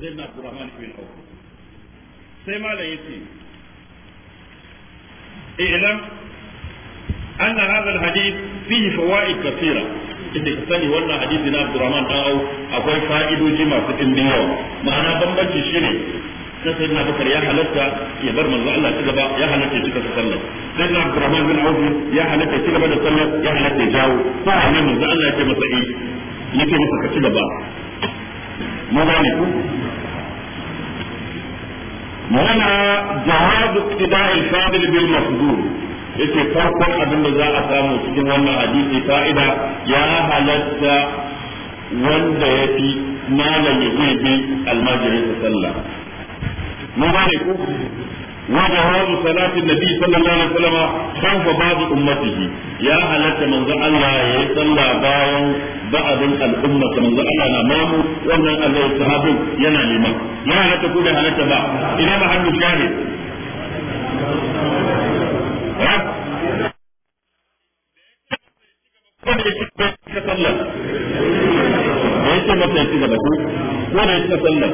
sayyidina Abdurrahman ibn Auf sai malam yace i'lam anna hadha al-hadith fihi fawaid kathira inda ka sani wannan hadisi na Abdurrahman dan Auf akwai fa'idoji masu dimbin yawa ma'ana bambanci shine sai sai na bakar ya halatta ya bar manzo Allah ci gaba ya halatta ya cika sallar sai na Abdurrahman bin Auf ya halatta ya ci gaba da sallar ya halatta ya jawo sai ne manzo Allah ya ce masa eh yake masa ka ci gaba mu gane ku yana jawab iktida al-fadil yake farkon abin da za a samu cikin wannan hadisi fa'ida ya halatta wanda ya fi malam ya zai bi almajirin sallah mun gane ku وجواب صلاة النبي صلى الله عليه وسلم خوف بعض أمته يا ألت ba ko da da yake ba da yake ba ko da yake ba ko da yake ba ko da yake ba da yake ba ko da yake ba ko da yake ba ko da yake da yake ba ko da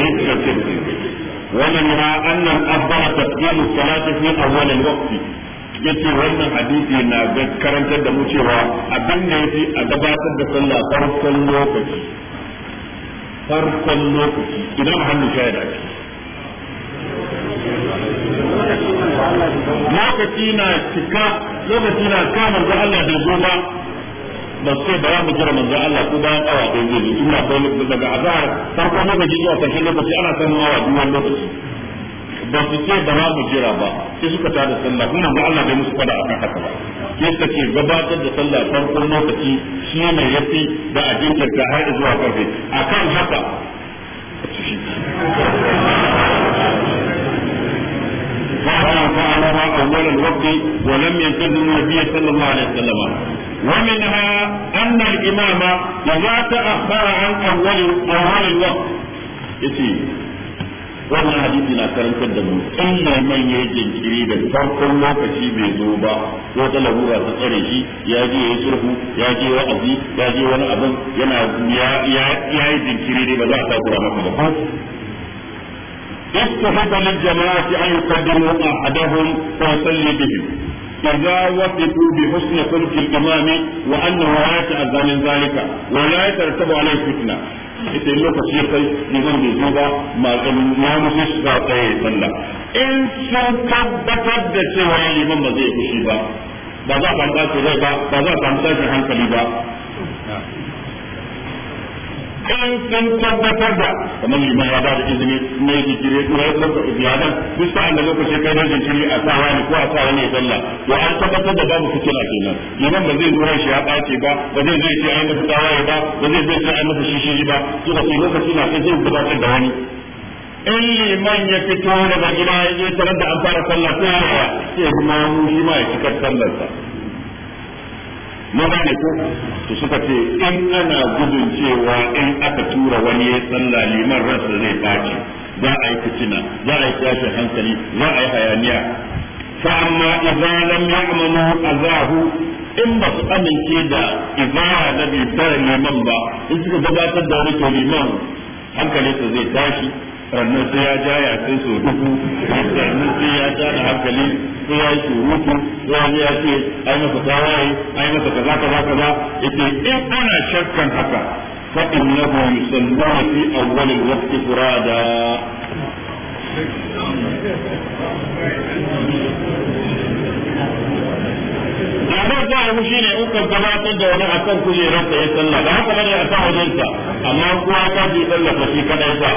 yake ba ومنها أن الأفضل تقديم الصلاة في أول الوقت yace wannan hadisi na karantar da mu cewa abin da yafi a gabatar da sallah farkon lokaci farkon lokaci idan hannu shayar da lokaci na cika lokaci na kama da Allah da goma ba su ce ba mu jira manzo Allah ko bayan awa ɗaya zai zo ina ba mu daga azhar farkon lokaci zuwa ƙarshen lokaci ana san awa biyu wani lokaci ba su ce ba mu jira ba sai suka da sallah kuma manzo Allah bai musu fada akan haka ba ke suka ce gabatar da sallah farkon lokaci shi ne yafi da a jinkirta har zuwa karfe akan haka فعلها أول الوقت ولم ينتظر النبي صلى الله عليه وسلم ومنها أن الإمام إذا تأخر عن أول أول الوقت يتي wannan hadisi na karantar da mu in man ya jinkiri da farkon lokaci bai zo ba ko ta larura ta tsare shi ya je ya yi sulhu ya je wa'azi ya je wani abin yana ya yi jinkiri ne ba za a takura maka ba استحب للجماعة أن يقدموا أحدهم ويصلي بهم إذا وفقوا بحسن خلق الإمام وأنه لا يتأذى من ذلك ولا يترتب عليه فتنة ita lokaci ya kai liman bai zo ba masu ya musu shiga tsaye sallah in sun tabbatar da cewa liman ba zai fushi ba ba za a samu tashin rai ba ba za a hankali ba in sun tabbatar da kamar liman ya ba da izini mai jikiri ya tura lokacin iyalan duk sa'an da lokaci kai ne jikiri a sawa ne ko a sawa ne sallah to an tabbatar da babu fitina kenan liman ba zai nuna shi ya ɓace ba ba zai zai ce an masa tawaye ba ba zai zai ce an masa shishi ba to da lokaci na sai zai gabatar da wani in liman ya fito daga gida ya je tarar da an fara sallah sai ya ma mu shi ma ya cikar sallarsa mun gane ko to suka ce in ana gudun cewa in aka tura wani ya sallah liman ransa zai baci za a yi fitina za a yi tashin hankali za a yi hayaniya fa amma idan lam ya'mamu azahu in ba su amince da ibada da bi liman ba in suka gabatar da wani liman su zai tashi sannan sai ya ja ya sai so dubu sannan sai ya ja da hankali sai ya yi surutu sai ya ya ce ai masa tawaye ai masa kaza kaza kaza ita in ana shakkan haka fa innahu yusalluna fi awwal al-waqt furada da ba za a mushi ne ukan gabatar da wani akan kujerar ta ya sallah da haka bane a sa wajensa amma kowa ta ji sallah fa shi kadai ba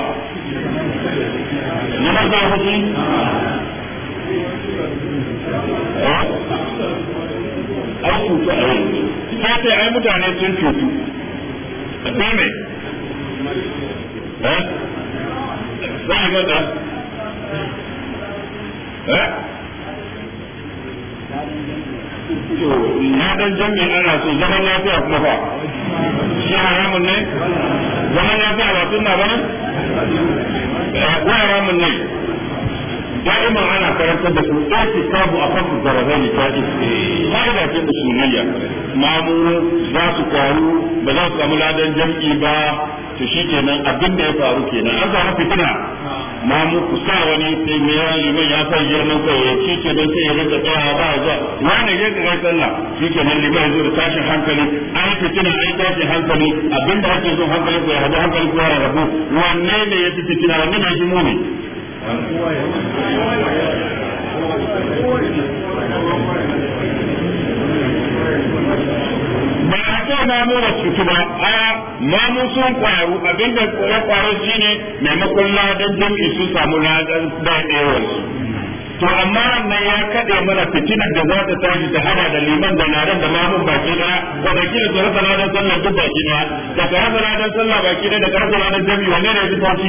na ba za a mushi an cutu a yanzu ta ce ai mutane sun cutu da me za a gaza eh ya dan jami'in ana so zaman lafiya kuma fa shi haramun ne zaman lafiya ba sunna ba ne wa haramun ne دائما انا كلام كده في اعتقاد واخف الضربين كاذب قاعدة كده سورية معمول ذات قالوا بذات أمولاد الجمعي با to shi kenan abin da ya faru kenan an samu fitina ma mu ku sa wani sai me ya yi mai ya sa girman kai ya ci ke don sai ya rika tsaya ba ya za wani ya ga sallah shi kenan liman zuwa tashin hankali an yi fitina an yi tashin hankali abin da ake zuwa hankali ko ya hada hankali ko ya rarrabu wanne ne ya fi fitina wanne ne ya fi muni Thank you. ba a ce mamu da cutu ba a mamu sun kwaru abinda ya kwaru shine maimakon ladan jami'i sun samu ladan daɗewar to amma wannan ya kaɗe mana fitinar da za ta tashi ta hada da liman da ladan da mamun baki da wanda kila su rasa ladan sallah duk baki da daga rasa ladan sallah baki da daga rasa ladan jami'i wanne ne ya fi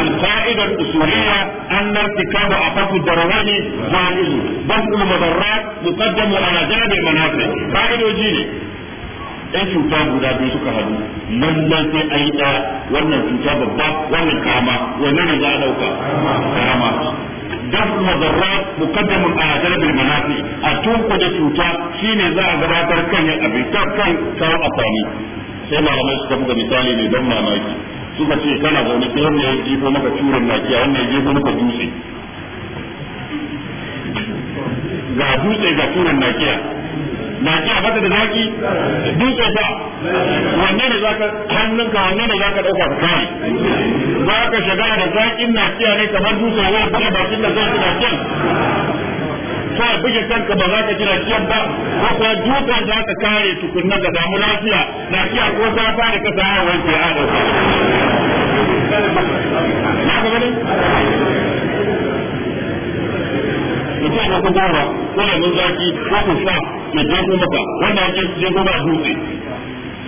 al-qa'idar usuliyya an a afafu darawani jaizu dan ulmadarrat muqaddamu ala jami'i manafi ka'idoji ne sai cuta guda biyu suka hadu nan nan sai a yi wannan cuta babba wannan kama wannan ne za a ɗauka kama dan kuma da ba mu kaddamu a hadar bil manafi a tunku da cuta shine za a gabatar kan ya abin ta kan kawo afani sai malamai suka buga misali ne don mamaki suka ce kana da wani kiran ne ya jefo maka curin lafiya wanda ya jefo maka dutse ga dutse ga curin lafiya na ji a da zaki dutse ba wanne ne zaka hannunka wanne ne zaka dauka ka kai za ka shagala da zakin na kiya ne kamar dutse wai kuma bakin da zaki na kai kiyan ka buge ka ba za ka jira kiyan ba ko kuma dukan da ka kare tukunna da damu lafiya na kiya ko za ka fara kasa a wai ke adau mutum ne wasu gora ko lemun zaki ko ku sa ya je ku maka wanda ake je ko ba dutse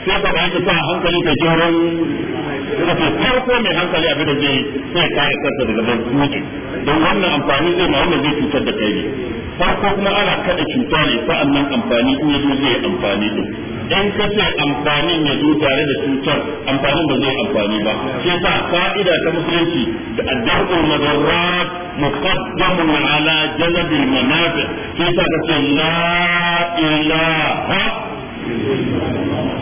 sai ka ba sa hankali ka jaran wato farko mai hankali abin da zai sai ka kare kansa daga dutse don wannan amfani zai ma wannan zai cutar da kai ne farko kuma ana kada cuta ne sa'an nan amfani in ya zo zai amfani din in ka ce amfanin ya zo tare da cutar amfanin ba zai amfani ba sai sa ka'ida ta musulunci da addu'ul madarrat مقدم على جلب المنافع في سبب لا اله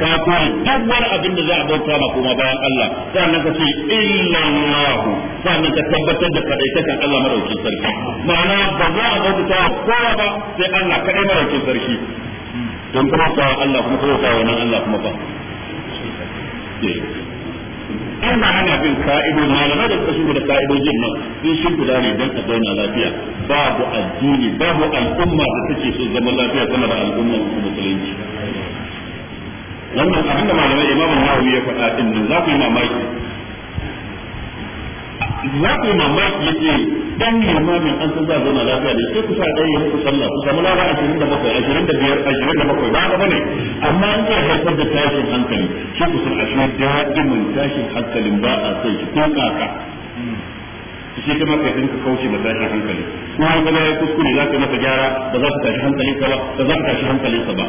كاكون دور ابن ذا ابو كان كما بان الله كان في الا الله كان تثبت بقدرته كان الله مروكي سركي معنى بابا ابو كان كوبا في الله كان مروكي سركي كان كما الله كما الله كما ana ana bin ka'idon malamai da suka shimfida ka'idojin nan sun guda ne don a zauna lafiya babu addini babu al'umma da take so zama lafiya sama da al'umma musulunci wannan abin da malamai imamu nawawi ya faɗa din nan za ku yi mamaki za ku yi mamaki yake dan limamin an san za a zauna lafiya ne sai ku sa yi muku sallah ku samu lada ashirin da bakwai ashirin da biyar ashirin da bakwai ba ba ne amma an zai haifar da tashin hankali shi ku san ashe da'imin tashin hankalin ba a son shi ko kaka shi kuma kai ka kauce ba tashin hankali ko an gaba ya kuskure za ka masa gyara ba za ka tashi hankali ka ba ba za ka tashi hankalin sa ba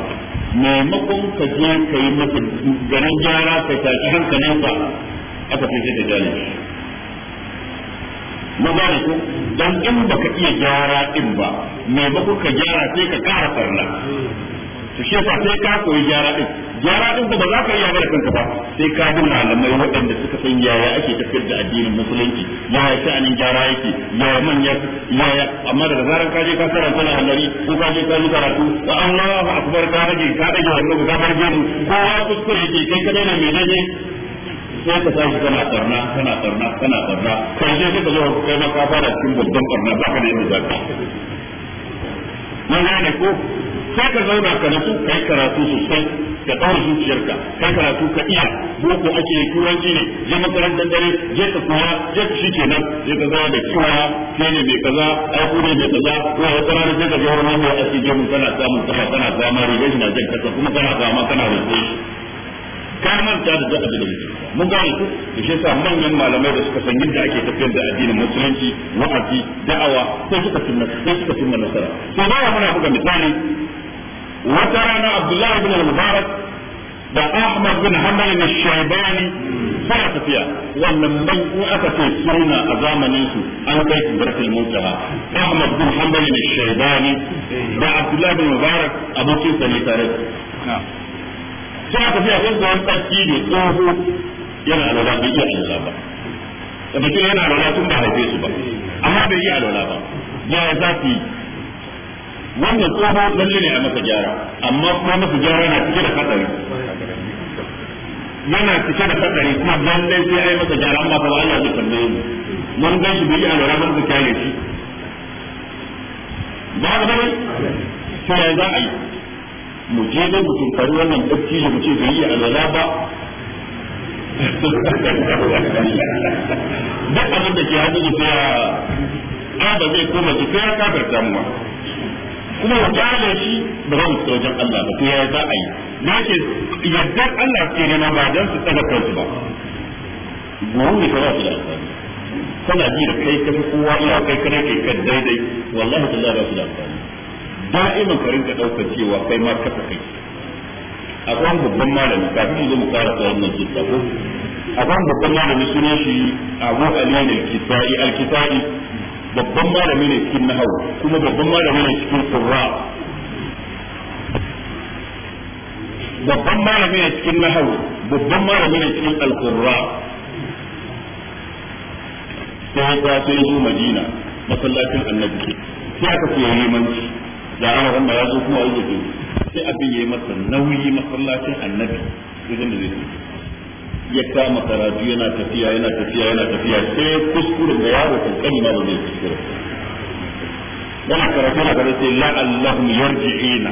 maimakon ka je ka yi masa ganin gyara ka tashi hankalin sa aka fi sai ka jale ma gane dan in baka iya gyara din ba me ba ka gyara sai ka kara farna to shi yasa sai ka koyi gyara din gyara din ba za ka iya da kanka ba sai ka bi malamai waɗanda suka san yaya ake tafiyar da addinin musulunci yaya sha'anin gyara yake yaya manya yaya amma daga zaran ka je ka sara na hallari ko ka je ka yi karatu wa Allahu akbar ka rage ka dage wannan ka bar ko kowa kuskure yake kai kadai ne mai sai ka tashi kana barna kana barna kana barna kai sai ka zo kai ma ka fara cikin babban barna ba ka da yadda za ka mun gane ko sai ka zauna ka nasu kai karatu sosai ka tsara zuciyarka kai karatu ka iya boko ake yi turanci ne je makarantar dare je ka koya je ka shike nan je ka zama da kiwaya ke ne mai kaza ai ne mai kaza ko wata rana sai ka ga mai ake je kana samun sama kana zama rigar na jan kasa kuma kana zama kana rubuce ka manta da duk abin da mun gane ku da shi yasa manyan malamai da suka san yadda ake tafiyar da addinin musulunci wa'azi da'awa sai suka sunna sai suka sunna nasara sai baya muna buga misali wata rana Abdullahi bin al-Mubarak da Ahmad bin Hanbal bin Shaybani suna tafiya wannan man in aka ce suna a zamanin su an kai su barkal mutaha Ahmad bin Hanbal bin Shaybani da Abdullahi bin Mubarak abokin sa ne tare sai aka fiya kan wani tsarki ne tsoho yana alwala bai iya alwala ba da bakin yana alwala tun ba haife su ba amma bai iya alwala ba ya za ku yi wannan tsoho lalle ne a masa gyara amma kuma masa gyara na cike da yana cike da kuma lalle sai ai masa gyara amma ba Allah zai tambaye mu mun gan shi bai iya alwala ba mun kyale shi ba ga bane sai za a yi mu je dai mu tunkari wannan dattijo mu ce zai yi alwala ba duk abin da ke hannun sai ya ada zai koma su sai ya kafar damuwa kuma mu kyale shi ba za mu fita wajen Allah ba to ya za a yi na ce yardar Allah ke nema ba don su tsaga kansu ba guru ne kawai su da amfani kana ji da kai ta fi kowa iya kai kare kai kan daidai wallahi tallahi ba su da amfani da'iman ka rinka daukar cewa kai ma ka kai akwai babban malami kafin mu zo mu fara tsawon nan su tsako akwai babban malami suna shi Abu aliyu al-Kisai al babban malami ne cikin nahawu kuma babban malami ne cikin qurra babban malami ne cikin nahawu babban malami ne cikin al-qurra sai ya zo Madina masallacin Annabi sai aka koyi limanci da ana wannan ya zo kuma ya zo sai abin ya yi masa nauyi masallacin annabi wajen da zai ya kama karatu yana tafiya yana tafiya yana tafiya sai kuskuren da yaro kankani ma ba zai kuskure wannan karatu na gaba sai la'allahum yarji'ina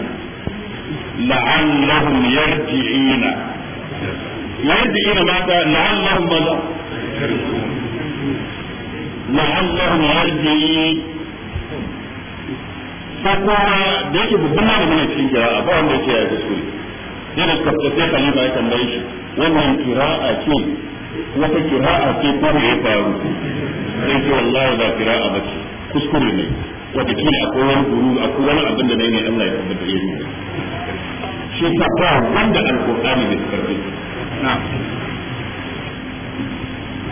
la'allahum yarji'ina yarji'ina ma ta la'allahum ba la'allahum yarji'ina sai kowa da yake babban malamin ne cikin kira'a ba wanda yake ya kuskure sai da suka fita sai khalifa ya tambaye shi wannan kira'a ce wata kira'a ce ko me ya faru sai ce wallahi ba kira'a ba ce kuskure ne wata kila akwai wani guru akwai wani abin da ne Allah ya tabbata ya yi shi ta ba wanda alqur'ani ne karbi na'am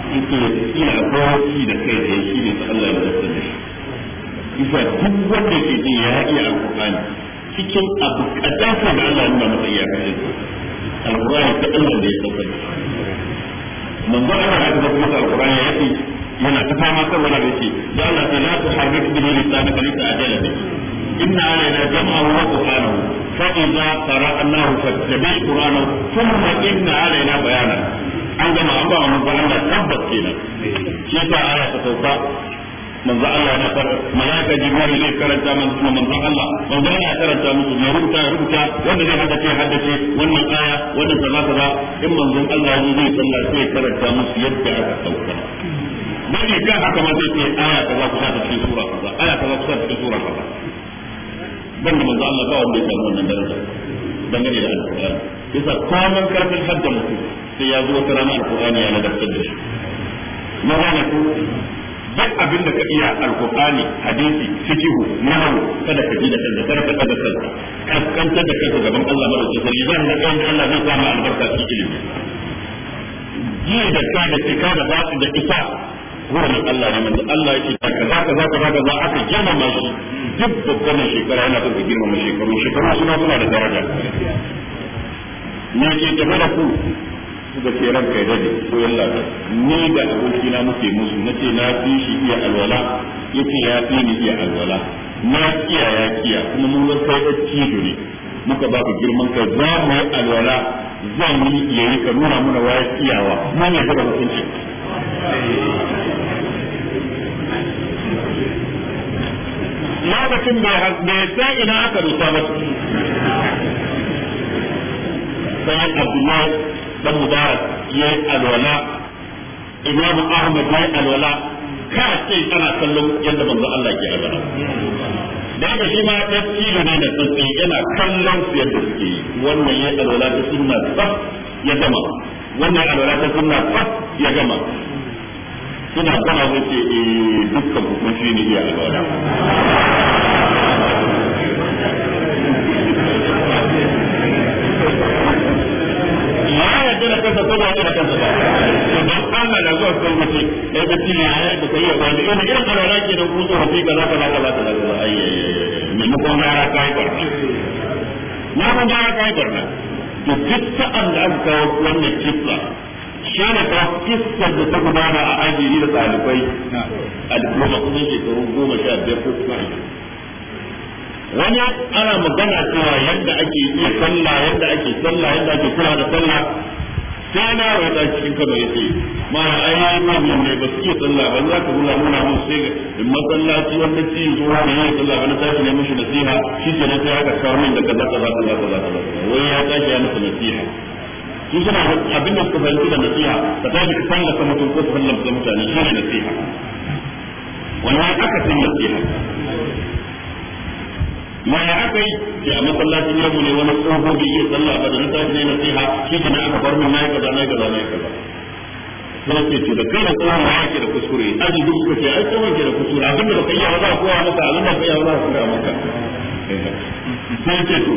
yake kila akwai wani da kai da shi ne Allah ya tabbata isa duk wanda ke ji ya iya Alƙuran cikin abu kadan sai da Allah nuna masa iya kace alqur'ani ta Allah da ya dauka manzo Allah ya dauka masa alqur'ani ya ce yana ta fama kan wani da ce ya Allah ta la tuharrik bihi lisanaka lita ajala bi inna alaina jam'ahu wa qur'anahu fa idza qara'nahu fattabi qur'anahu thumma inna alaina bayana an gama an ba mu Allah tabbas kenan shi ta aya ta sauka manzo Allah ya fara malaika jibril zai karanta mana sunan manzo Allah manzo Allah ya karanta musu ya rubuta ya rubuta wanda zai hada ce hada ce wannan aya wannan kaza kaza in manzo Allah ya zai sallah sai karanta musu yadda aka sauka dan ya haka ma zai ce aya kaza ku ta cikin sura kaza aya kaza ku ta cikin sura kaza dan manzo Allah ba wanda ya san wannan daraja dangane da alqur'ani yasa kwanan karfin hadda mutum sai ya zo wata rana alqur'ani ya ladabtar da shi na ko duk abin da ka iya alqur'ani hadisi fikihu nahwu kada ka ji da kanka kada ka kada kanka kaskantar da kanka gaban Allah madaukakin sarki zan da kan Allah zai samu albarka cikin ilimi ji da ka da ka da ba da isa wurin Allah ne manzo Allah yake da kaza kaza kaza kaza aka girmama shi duk babban shekara yana son ka girmama shekaru shekaru suna suna da daraja ne ke tafi da ku suka ce ranka ya dade ko yalla ni da abokina muke musu nace na fi shi iya alwala yake ya fi ni iya alwala na kiya ya kiya kuma mun ga kai da cido ne muka ba ku girman kai za mu yi alwala zan yi yayi ka nuna mana waya kiyawa mun ne da hukunci lokacin bai sa ina aka rusa ba sai Abdullahi dan mubarak yayi alwala imam ahmad yayi alwala ka ce kana kallon yadda manzo Allah ke alwala da shi ma ya tilo ne da tsantsi yana kallon su yadda suke yi wannan ya alwala ta sunna ba ya gama wannan alwala ta sunna ba ya gama suna gama zai ce eh, dukkan hukunci ne iya alwala shi da kansa ko ba shi da kansa ba to dan Allah da zuwa kai mace eh da tini ai da kai ba ne ina irin alwala ke da ku zuwa fi kaza kaza kaza kaza ai ne mu ko mara kai ba na ko mara kai ba na to duk sa'an da aka kawo wannan kissa shi ne ta kissar da ta gudana a ajiyi da ɗalibai a diploma kusan shekaru goma sha biyar ko kuma wani ana magana cewa yadda ake iya sallah yadda ake sallah yadda ake kula da sallah sai na roƙa cikin kano ya ce ma ai ma mun ne ba su iya sallah ba za ka nuna nuna mun sai ga masallaci wanda ci zo ne ya sallah ba na tashi ne mishi nasiha shi ke na sai aka kawo min da kaza kaza kaza kaza kaza wai ya tashi ya masa nasiha su suna abin da suka fahimci da nasiha ka tashi ka sallah ka mutum ko sallah ka mutane shi ne nasiha wannan aka san nasiha yaya aka yi ya a masallacin yamu ne wani tsoho da iya sallah ba da na sai ne shi ke na aka bar na yi kaza na yi kaza na yi kaza sai ce ce da kai da tsohon ma yake da kuskure aji duk suka ce ai tsohon ke da kuskure abin da kai iya za a koya maka abin da kai iya za a koya maka sai ce to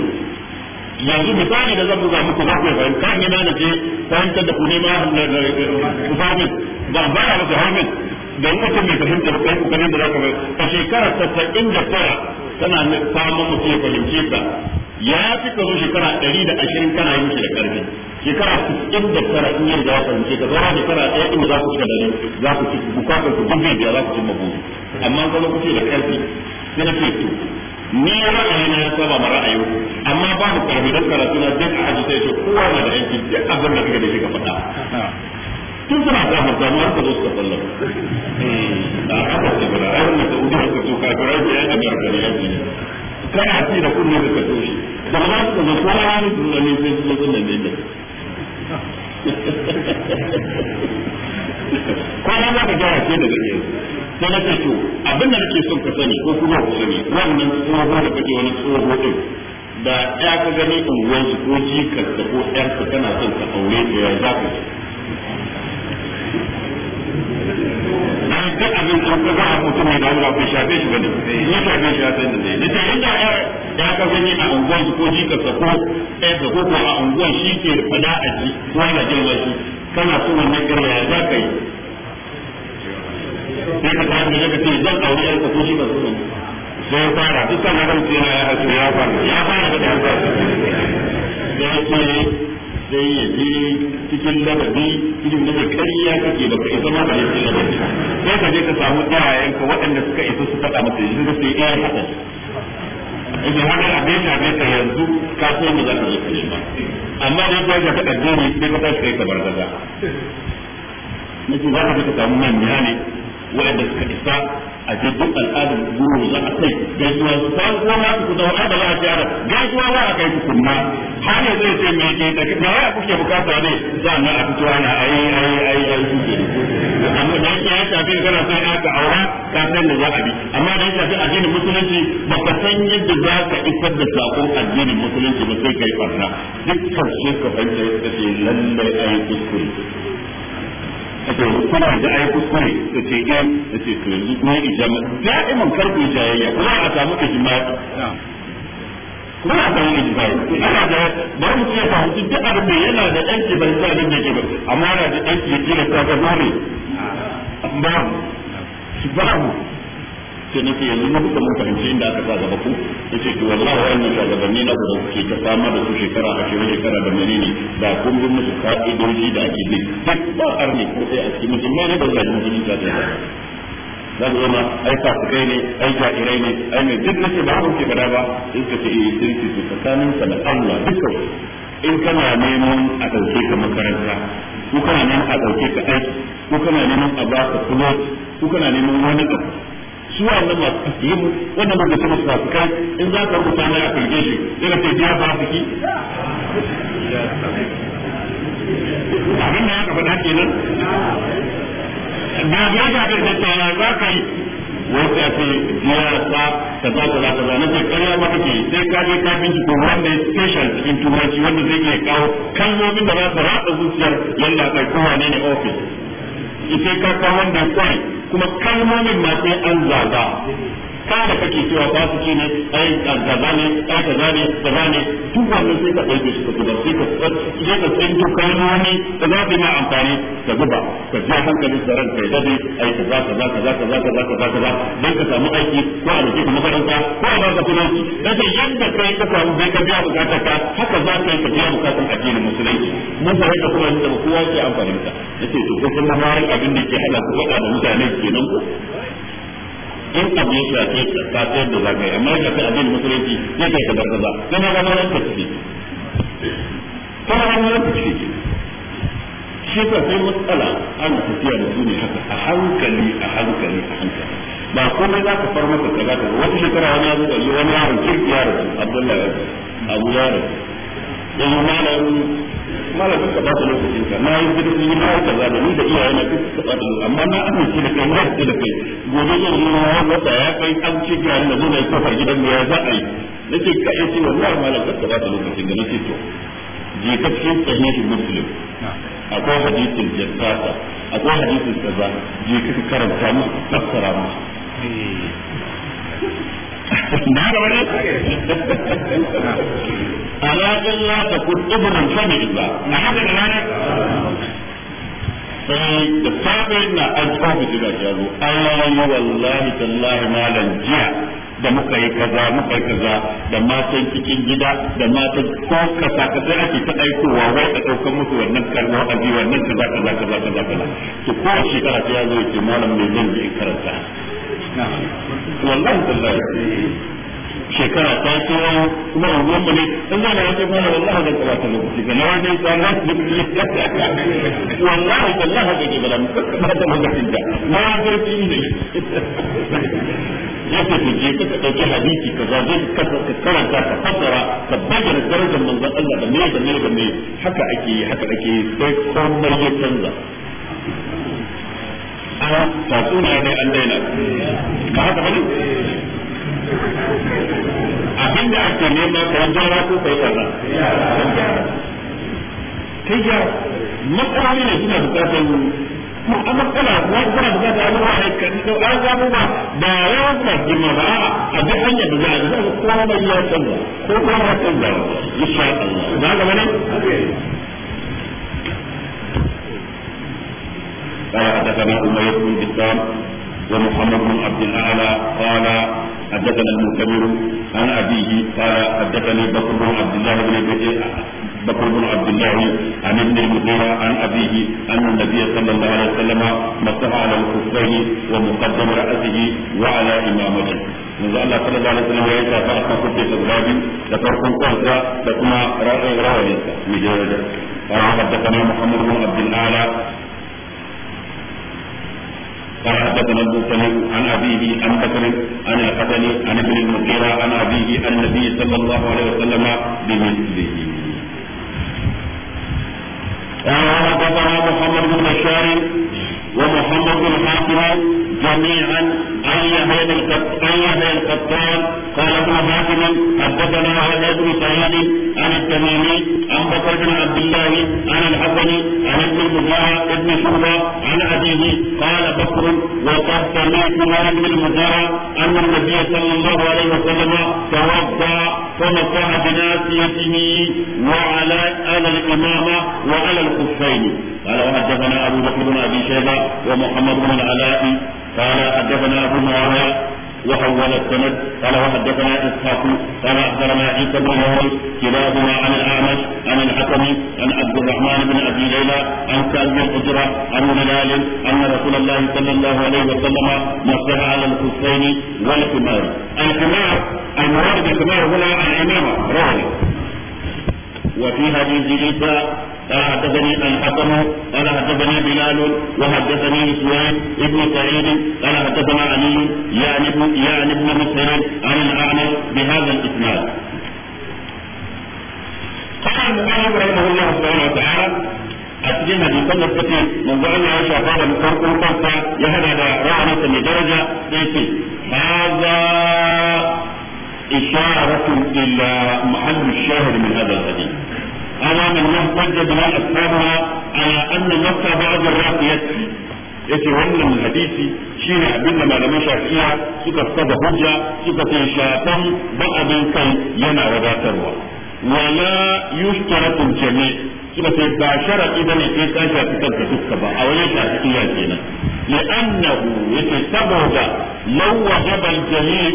yanzu misali da zan buga muku za ku fahimta yana na nace fahimtar da ku ne ma ku fahimta ba ba ya maka fahimta da mutum mai fahimta ba kai kokarin da za ka mai a shekarar 99 kana samun mutum ya fahimce ka ya fi ka zo shekara ɗari da ashirin kana yin shi da ƙarfi shekara sittin da tara in yin da ya ce ka zama shekara ɗaya in za ku cika ɗari za ku ci bukatar ku dubbe da za ku ci buri amma ka zo lokaci da ƙarfi sai na ce to ni ra'ayi na ya saba ma ra'ayi amma ba mu karbi da karatu na duk a aji sai ce kowa na da yanki duk abin da kake da shi ka faɗa tun suna samun damuwar ka zo suka sallama da gari kana ci da kunne da ka toshe da ba su da kuma wani kuma ne sai su zo nan ne ko na za ka gaya ce da zai ta na ce to abin da nake son ka sani ko kuma ku sani wannan tsoho da kake wani tsoho din da ya ka gani unguwansu ko jikarsa ko ƴarsa kana son ka aure ta ya za ka ka ga mutum da damuwa bai shafe shi bane ya shafe shi ya san da zai inda ya ka gani a unguwar ko jika sa ko ɗaya ko ko a unguwar shi ke fada a ji ko yana jin wasu kana so wannan ƙarya za ka yi sai ka tafi da ce zan aure yanka ko shi ka so sai fara dukkan na gamsu yana ya hasu ya fara ya fara da ɗan sa sai ya ce sai ya je cikin ladabi cikin da kariya kake baka isa ma da cikin ladabi sai ka je ka samu iyayenka waɗanda suka isa su faɗa maka yanzu da su yi iyayen haka idan haka abin da ne ka yanzu ka so mu za ka zo kai ba amma dan ba ka da gani sai ka tashi kai kamar gaza nake za ka je ka samu manya ne waɗanda suka isa a ce duk al'adar guru za a kai gaisuwa san ko ma ku da wa'ada za a ce ara gaisuwa za a kai ku kuma har ya zai ce me ke da me ya kuke bukata ne sannan a fito ana ai ai ai ai kuke amma da yake ya tafi kana sai aka aura ka san da za a bi amma da ya tafi addinin musulunci ba ka san yadda za ka isar da sakon addinin musulunci ba sai kai farna duk karshe ka fahimta yadda ke lallai ai kuskure aka kuna da ai kuskure da ce ke eh, da ce to yanzu kuma yi jama jayayya kuma a samu kuma a samu ana da bari mu duk abin da yana da sa abin da ke ba amma yana da ya sai nake yanzu na duka mun fahimci inda aka sa gaba ku yace to wallahi wannan shugabanni na ku ke kuke ta fama da su shekara a shekara shekara da menene ba kun bi musu ka'idoji da ake bi duk ba arni ko sai a cikin musulman ne ba da zai musulman ta da za su zama ai fasikai ne ai jairai ne ai mai duk nace ba hauke gada ba in ka ce eh sirki su tsakanin ka da Allah duk kawai in kana neman a ɗauke ka makaranta ko kana neman a ɗauke ka aiki ko kana neman a ba ka kuma ko kana neman wani abu su wannan masu taslimu wannan da kuma masu kai in za ka rubuta mai a kulge shi daga ce biya ba su ki abin da ya kafa da nan. da ya ga da ta za ka yi wai ta ce biya sa ta za ta za ta za na ce karya ba kake sai ka je ka binci ko wanda ya special cikin turanci wanda zai iya kawo kalmomin da za su ratsa zuciyar yadda kai kowa ne ne office ita ka kawo wanda kwai kuma kalmomin masu an zaga ka kake cewa fasiki ne ai kaza ne ai kaza ne ne duk wannan sai ka dauke shi ka sai ka sai ka kalmomi da za su ma amfani ka zuba ka ji hankali da dade ai kaza kaza kaza kaza kaza kaza kaza dan ka samu aiki ko a rike makaranta ko a baka tunanci kace yanda kai ka samu ka biya ka haka za ka yi ka biya addinin musulunci mun fara da kuma da kowa ke amfani da yace to ko kuma abin da ke ku da mutane kenan ko in abu ya shafe ka ta yadda za ka yi amma ya shafi abin musulunci ya kai ka barkaza kana ga nan ka ci kana ga nan ka ci shi ka sai matsala ana tafiya da su ne haka a hankali a hankali a hankali ba komai za ka far masa ka za ka wata shekara wani ya zo da wani yaron kirki yaron abdullahi abu yaron yanzu malam malamin ka ba ta lokacin ka na yi zirfi na yi kaza da ni da iyaye na duk ka ba ta lokacin amma na amince da kai na da kai gobe yin ruwa wata ya kai an ci gari da zuwa kofar gidan mu ya za a yi nake ka yi ce wallahi malamin ka ba ta lokacin da nake to je ka cikin sahihin muslim akwai hadisin jassasa akwai hadisin kaza je karanta musu fassara musu hmm. na ga in la takun ibnan fadillah na haka ne sai da safe na an tsofi shi gashi yazo ayi wallahi tallahi malam jiya da muka yi kaza muka yi kaza da matan cikin gida da matan ko kasa sai ake ta aikowa wai da daukan musu wannan a wa'azi wannan kaza kaza kaza kaza kaza to ko shekara ta yazo yake malam mai zan je karanta wallahi tallahi shekara ta kowa kuma unguwar mu ne in za na wata kwana wallahi da kula ta lokaci ga na wajen tsana wallahi wallahi da ke bala mu ba da magafin da na wajen ne yake ku je ka dauki hadisi ka zaje ka karanta ka fassara ka bayyana darajar manzon Allah da me da me da me haka ake haka ake sai komai ya canza a tatsuna ne an daina Ka haka bane abin da ake nema kai gyara ko kai kaza kai gyara matsaloli ne suna bukatar mu a matsala kuma a kan da an ba da ba a da za a ya ko insha Allah ga wani قال حدثنا أمية بن ومحمد بن عبد الأعلى قال حدثنا المؤتمر عن أبيه قال حدثني بكر بن عبد الله بن بكر بن عبد الله عن ابن المغيرة عن أبيه أن النبي صلى الله عليه وسلم مسح على الخفين ومقدم رأسه وعلى إمامته yanzu Allah sallallahu alaihi ya ta akan kuke da gurabi da farkon kansa da kuma ra'ayin rawaninsa mai jawo da fara haddaka Muhammad bin قال حدثنا ابو سليم عن ابيه عن بكر عن الحسن عن ابن المغيره عن ابيه عن النبي صلى الله عليه وسلم بمثله. قال حدثنا محمد بن بشار ومحمد بن حاتم جميعا عن يحيى القطان قال ابن حاتم حدثنا هذا بن سعيد عن التميمي عن بكر بن عبد الله عن الحسن عن ابن المزاح بن شعبة عن أبيه قال بكر وقد سمعت عن ابن المزاح أن النبي صلى الله عليه وسلم توضأ فمسح بناسيته وعلى على الإمامة وعلى الخفين قال وحدثنا أبو بكر بن أبي شيبة ومحمد بن العلاء قال حدثنا أبو معاوية وحول السند قال وحدثنا اسحاق قال اخبرنا عيسى بن مريم كلاهما عن الاعمش عن الحكم عن عبد الرحمن بن ابي ليلى عن سعد بن حجرة عن بلال ان رسول الله صلى الله عليه وسلم مسح على الحسين والحمار الحمار المراد بالحمار هنا الامامه رواه وفي حديث عيسى قال حدثني الحكم قال حدثني بلال وحدثني سويد ابن سعيد قال حدثنا علي يعني ابن يعني ابن مسعود عن الاعمى بهذا الاسناد. قال البخاري رحمه الله سبحانه وتعالى أتجينا في كل الفتي من بعد عيشة قال مقرق القرصة يهدى ذا رعنة لدرجة ديسي هذا إشارة إلى محل الشاهد من هذا الحديث على من نهتج بها أصحابها على أن مكة بعض الراس يكفي yace wannan hadisi shine abin da malaman shafi'a suka saba hujja suka ce shafan ba abin kai yana wadatarwa wala yushtaratu jami' suka ce ba sharadi bane sai ka shafi kanka dukka ba a wajen shafi'a kenan annahu yace saboda لو وهب الجميع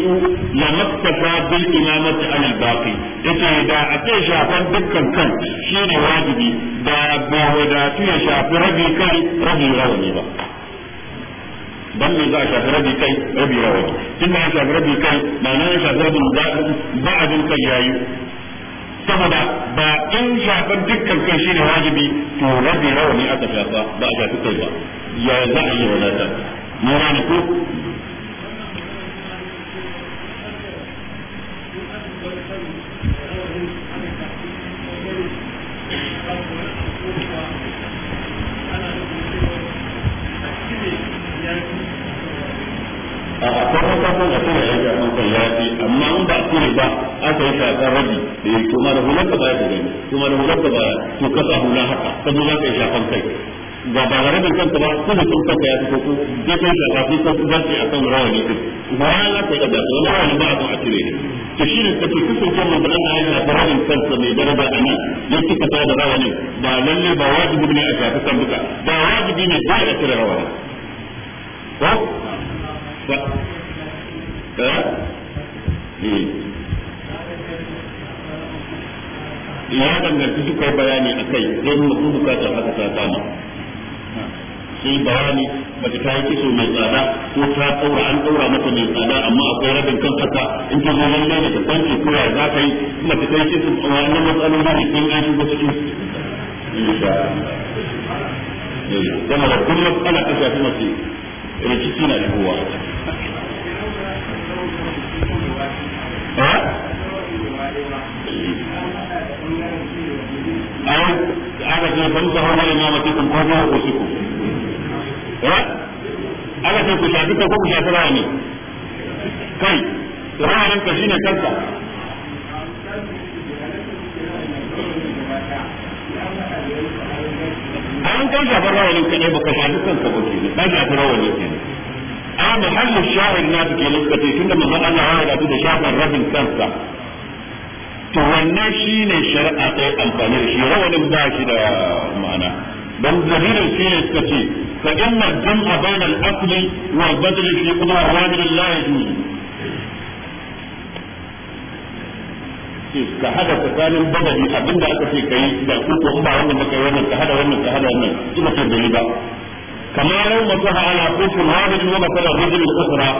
لمكتفى بالإمامة على الباقي إذا إذا أتيش أفن بك الكم شين واجبي دا أبوه دا تيش أفن ربي كي ربي غوني با بل إذا أشاف ربي كي ربي غوني إما أشاف ربي كي ما نعيش أفن ربي كي بعد كي يأيو سمدا با إن شاف دك الكشير واجبي تو ربي روني أتشاف با أشاف كي با يا زعي ولا تب نوران كو samu a tsira yanka an ya fi amma in ba a ba aka yi shakar rabi da kuma da hular ba ya da gani kuma da ba to kasa hula haka sannan za ka yi shakar kai ga ba ga rabin kanka ba kuma kun kanka ya fito ko je kai shakar sai ka za ka yi akan rawani din bayan aka yi da wani rawani ba a kan a tsire ne to shi ne kace kasance mun da Allah ya shakar rabin kanka mai daraja a nan ya kika ta da rawani ba lalle ba wajibi ne a shakar kanka ba wajibi ne ba a tsira rawani ko Eh. ya danganci duka bayani a kai sai mutum bukatar haka ta kama sai bayani ba ta yi kiso mai tsada ko ta tsaura an tsaura mata mai tsada amma akwai rabin kan kasa in ta zo lalle da ta kura za ka yi mace ta yi kiso a wannan matsaloli ne sun an shigo cikin kuma da kullum ana kashe mace rikici na shigowa أو هذا في فنسه ولا إمامتكم قبل أنفسكم أنا في كتابك كم شافراني كي رأيك شين كذا an kan shafar rawanin ka ne baka shafi kanka ba kenan ka shafi rawanin kenan a muhallin shahid na da ke lokaci tunda manzon Allah ya da shafar rabin kansa to wannan shi ne shari'a ta yi amfani da shi rawanin ba shi da ma'ana don zahirin shi ne suka ce fa inna jam'a bayna al-asli wa badli fi kuma awamir la yajuzu ka hada tsakanin badali abinda aka ce yi, da ku ko ba wannan maka wannan ka hada wannan ka hada wannan ina ce dali ba kamar ran mutu ala kufur wa bi wa masala rajul al-ukhra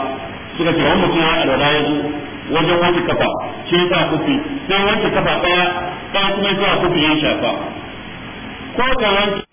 suka ce wannan ya alwala yajuzu wajen wanke kafa shi ya sa kufi sai wanke kafa ɗaya ɗaya kuma ya sa kufi ya shafa ko ka wanke